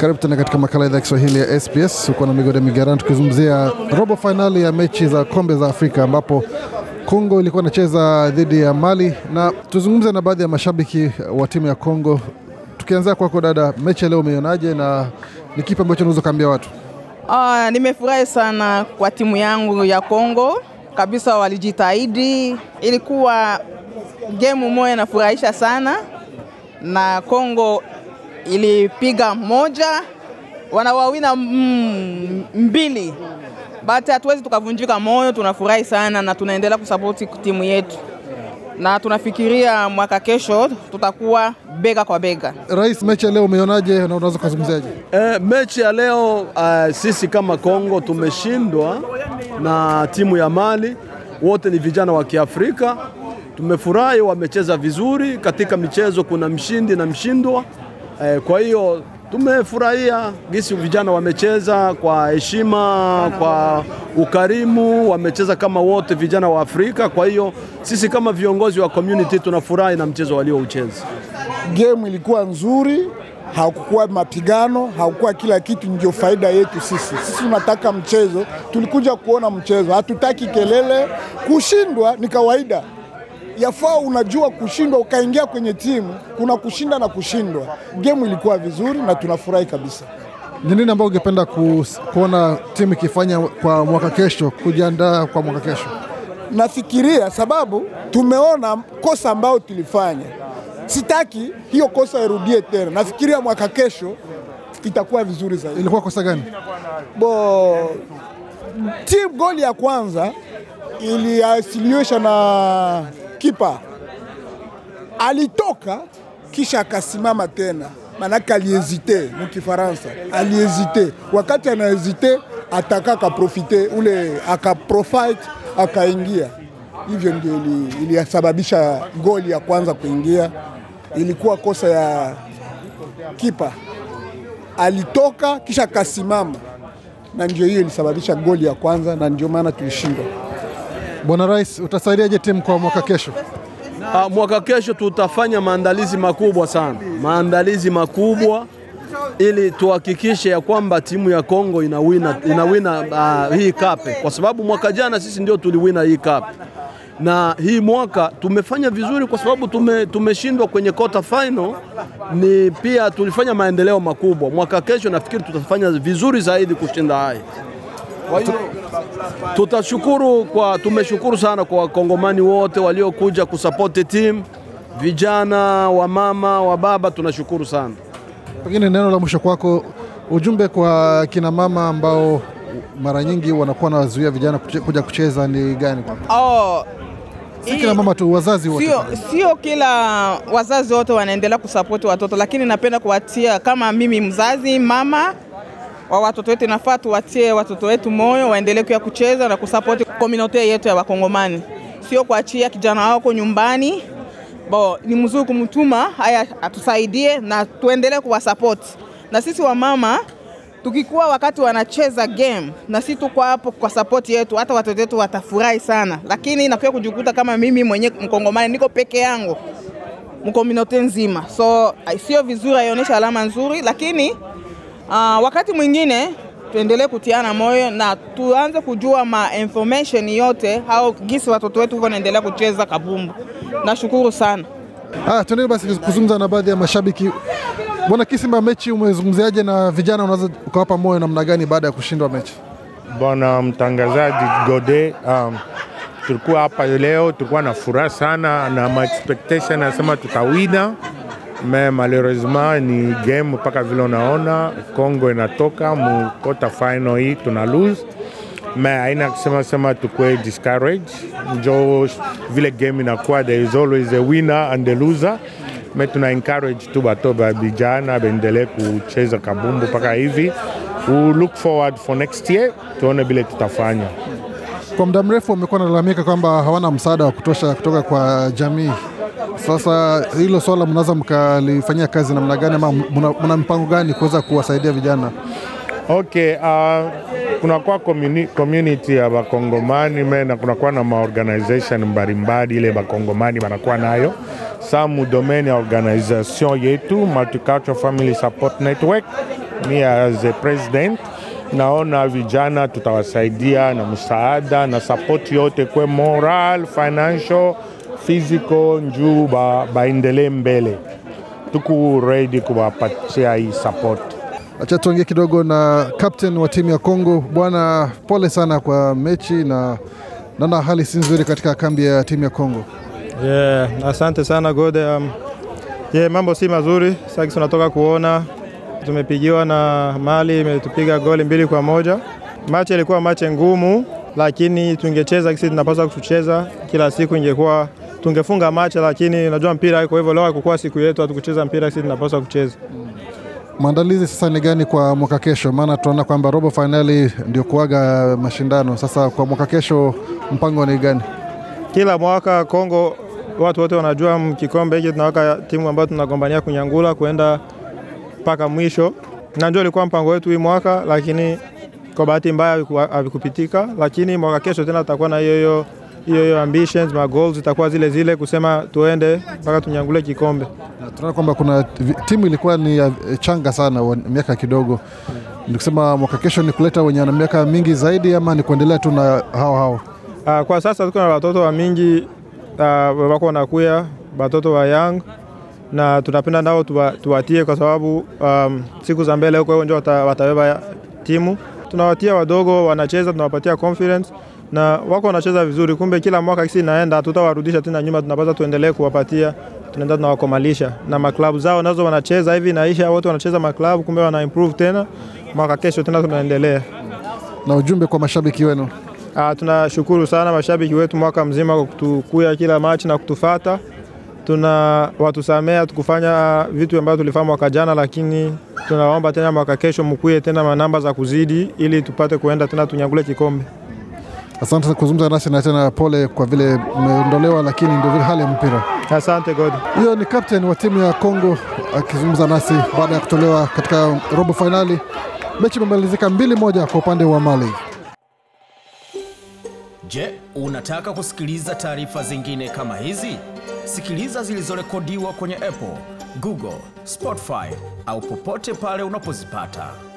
Karibu tena katika makala idhaa ya Kiswahili ya SBS huko na migode migaran, tukizungumzia robo fainali ya mechi za kombe za Afrika ambapo Kongo ilikuwa inacheza dhidi ya Mali, na tuzungumze na baadhi ya mashabiki wa timu ya Kongo, tukianzia kwako dada, mechi leo umeionaje na ni kipi ambacho unaweza kaambia watu? Uh, nimefurahi sana kwa timu yangu ya Kongo kabisa, walijitahidi. Ilikuwa gemu moya nafurahisha sana na Kongo ilipiga moja, wanawawina mbili but hatuwezi tukavunjika moyo, tunafurahi sana na tunaendelea kusapoti timu yetu na tunafikiria mwaka kesho tutakuwa bega kwa bega. Rais, mechi ya leo umeonaje na unaweza kuzungumziaje? eh, mechi ya leo uh, sisi kama Kongo tumeshindwa na timu ya Mali, wote ni vijana wa Kiafrika. Tumefurahi, wamecheza vizuri. Katika michezo kuna mshindi na mshindwa. Eh, kwa hiyo tumefurahia gisi vijana wamecheza kwa heshima, kwa ukarimu, wamecheza kama wote vijana wa Afrika. Kwa hiyo sisi kama viongozi wa community tunafurahi na mchezo walioucheza. Game ilikuwa nzuri, hakukuwa mapigano, hakukuwa kila kitu. Ndio faida yetu sisi. Sisi tunataka mchezo, tulikuja kuona mchezo, hatutaki kelele. Kushindwa ni kawaida yafaa unajua kushindwa ukaingia kwenye timu, kuna kushinda na kushindwa. Gemu ilikuwa vizuri na tunafurahi kabisa. Ni nini ambayo ungependa ku, kuona timu ikifanya kwa mwaka kesho, kujiandaa kwa mwaka kesho? Nafikiria sababu tumeona kosa ambayo tulifanya, sitaki hiyo kosa irudie tena. Nafikiria mwaka kesho itakuwa vizuri zaidi. Ilikuwa kosa gani? Bo, timu goli ya kwanza iliasiliisha na kipa alitoka kisha akasimama tena, manake aliezite. kifaransa aliezite. Wakati anaezite, ataka akaprofite ule akaprofite, akaingia. Hivyo ndio iliyasababisha ili goli ya kwanza kuingia. Ilikuwa kosa ya kipa, alitoka kisha akasimama, na ndio hiyo ilisababisha goli ya kwanza, na ndio maana tulishindwa. Bwana Rais, utasaidiaje timu kwa mwaka kesho? Ha, ah, mwaka kesho tutafanya maandalizi makubwa sana, maandalizi makubwa ili tuhakikishe ya kwamba timu ya Kongo inawina, inawina uh, ah, hii kape, kwa sababu mwaka jana sisi ndio tuliwina hii kape, na hii mwaka tumefanya vizuri kwa sababu tume, tumeshindwa kwenye quarter final, ni pia tulifanya maendeleo makubwa. Mwaka kesho nafikiri tutafanya vizuri zaidi kushinda haya. Kwa hiyo tutashukuru kwa, tumeshukuru sana kwa wakongomani wote waliokuja kusapoti timu, vijana, wamama, wababa, tunashukuru sana. Pengine neno la mwisho kwako, ujumbe kwa kina mama ambao mara nyingi wanakuwa nawazuia vijana kuja kucheza ni gani? Oh, si kila mama tu, wazazi wote, sio kila wazazi wote wanaendelea kusapoti watoto, lakini napenda kuwatia kama mimi mzazi mama wa watoto wetu, inafaa tuwatie watoto wetu moyo, waendelee kuya kucheza na kusapoti komunote yetu ya Wakongomani, sio kuachia kijana wako nyumbani. Bo, ni mzuri kumtuma haya atusaidie na tuendelee kuwasapoti. Na sisi wamama tukikuwa wakati wanacheza game na sisi tuko hapo kwa support yetu, hata watoto wetu watafurahi sana, lakini inakuwa kujikuta kama mimi mwenye mkongomani niko peke yangu mkomunote nzima, so sio vizuri, aionyesha alama nzuri, lakini Uh, wakati mwingine tuendelee kutiana moyo na tuanze kujua ma information yote au gisi watoto wetu naendelea kucheza kabumbu. Nashukuru sana. Ah, tuendele basi kuzungumza na baadhi ya mashabiki. Bwana Kisimba, mechi umezungumziaje na vijana unaweza ukawapa moyo namna gani baada ya kushindwa mechi? Bwana mtangazaji Gode, um, tulikuwa hapa leo, tulikuwa na furaha sana na ma expectation nasema tutawina me malheureusement ni game mpaka vile unaona Kongo inatoka mu quarter final hii tuna lose me aina kusema sema tukue discourage njo vile game inakuwa there is always a winner and a loser me tuna encourage tu bato ba vijana baendelee kucheza kabumbu mpaka hivi we look forward for next year tuone vile tutafanya kwa muda mrefu wamekuwa wanalalamika kwamba hawana msaada wa kutosha kutoka kwa jamii sasa hilo swala mnaweza mkalifanyia kazi namna gani, ama mna mpango gani kuweza kuwasaidia vijana? Okay, uh, kunakuwa community, community ya bakongomani mena kunakuwa na maorganization mbalimbali ile bakongomani wanakuwa nayo samu domaine ya organization yetu Multicultural Family Support Network. Mi as a president naona vijana tutawasaidia na msaada na support yote kwe moral, financial fiziko njuu baendelee ba mbele, tuku ready kuwapatia hii support. Acha tuongee kidogo na captain wa timu ya Kongo. Bwana, pole sana kwa mechi na naona hali si nzuri katika kambi ya timu ya Kongo. Yeah, asante sana Gode. Um, yeah, mambo si mazuri sasa, tunatoka kuona tumepigiwa na Mali, imetupiga goli mbili kwa moja. Machi ilikuwa mache ngumu, lakini tungecheza kisi tunapaswa kucheza kila siku ingekuwa tungefunga macha, lakini najua mpira iko hivyo. Leo haikukuwa siku yetu, hatukucheza mpira, sisi tunapaswa kucheza. Maandalizi sasa ni gani kwa mwaka kesho? Maana tunaona kwamba robo fainali ndio kuaga mashindano. Sasa kwa mwaka kesho mpango ni gani? Kila mwaka Kongo watu wote wanajua kikombe hiki tunaweka timu ambayo tunagombania kunyangula kuenda mpaka mwisho. Najua ilikuwa mpango wetu hii mwaka, lakini kwa bahati mbaya havikupitika, lakini mwaka kesho tena tutakuwa na hiyo hiyo hiyo hiyo ambitions ma goals zitakuwa zile zile, kusema tuende mpaka tunyangule kikombe. Tunaona kwamba kuna timu ilikuwa ni changa sana miaka kidogo, ni kusema mwaka kesho ni kuleta wenye wana miaka mingi zaidi, ama ni kuendelea tu na hao hao? Uh, kwa sasa tuko na watoto wa mingi uh, wako wanakuya watoto wa young na tunapenda nao tuwatie, kwa sababu um, siku za mbele huko ndio watabeba timu. Tunawatia wadogo, wanacheza, tunawapatia confidence na wako wanacheza vizuri. Kumbe kila mwaka sisi naenda, tutawarudisha tena nyuma, tunapaswa tuendelee kuwapatia, tunaenda tunawakomalisha na maklabu zao nazo wanacheza hivi, naisha wote wanacheza maklabu, kumbe wana improve tena, mwaka kesho tena tunaendelea. Na ujumbe kwa mashabiki wenu? Ah, tunashukuru sana mashabiki wetu mwaka mzima kwa kutukuya kila machi na kutufata tuna watusamea tukufanya vitu ambavyo tulifanya mwaka jana, lakini tunaomba tena mwaka kesho mkuye tena manamba za kuzidi, ili tupate kuenda tena tunyangule kikombe. Asante na kuzungumza nasi na tena pole kwa vile umeondolewa, lakini ndio vile hali ya mpira. Asante God. Hiyo ni captain wa timu ya Kongo akizungumza nasi baada ya kutolewa katika robo fainali. Mechi imemalizika mbili moja kwa upande wa Mali. Je, unataka kusikiliza taarifa zingine kama hizi? Sikiliza zilizorekodiwa kwenye Apple, Google, Spotify au popote pale unapozipata.